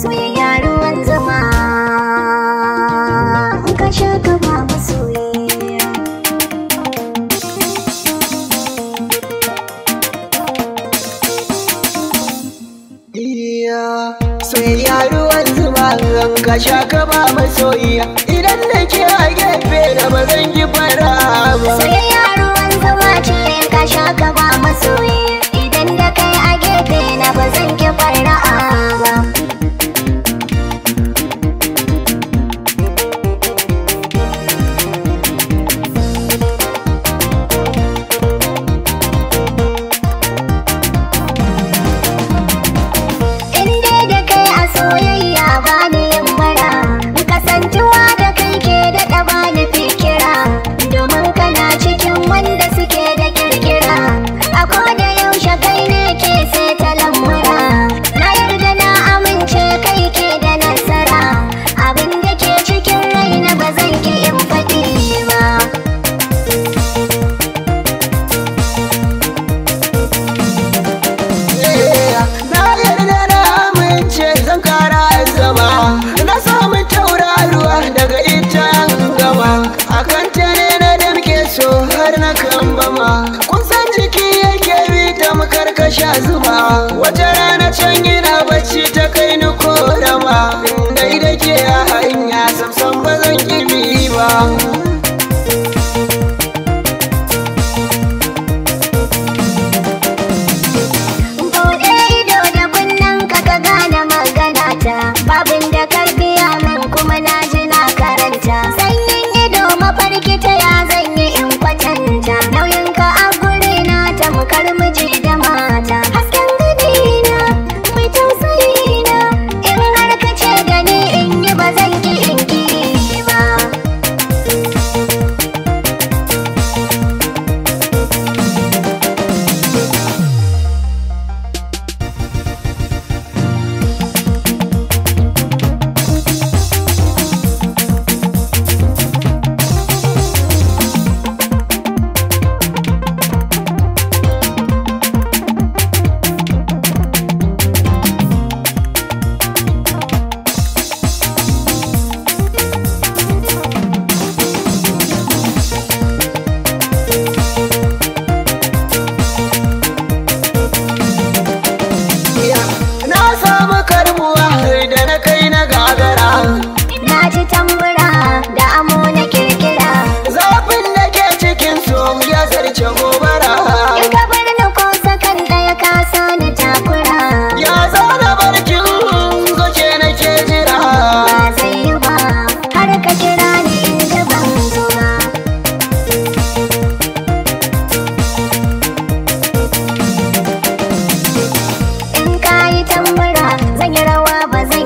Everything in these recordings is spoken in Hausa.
soyayya ruwan zama in ka sha ka ba masoyayya soyayya ruwan zuma in ka sha ka ba masoyiya idan na ke a gefe da ba zan ki fara ba soyayya ruwan zuma ce in ka sha ka ba masoyiya Oh, yeah. karnakan bama kun san jiki yake bi ta makarkasha zuba wata rana can yana bacci ta kai dan mura zan yi rawa ba zan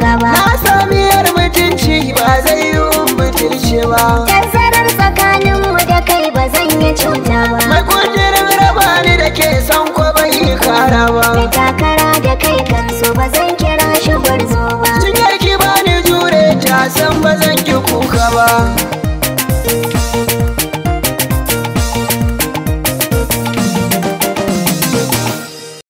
ba na sami yar mutunci ba zai yi mutunci ba tazarar tsakanin mu da kai ba zan yi cuta ba mai kudirin raba ni da ke son ko ban yi kara ba da takara da kai kansu ba zan kira shi gwarzo ba cikin ki bani jure ta san ba zan ki kuka ba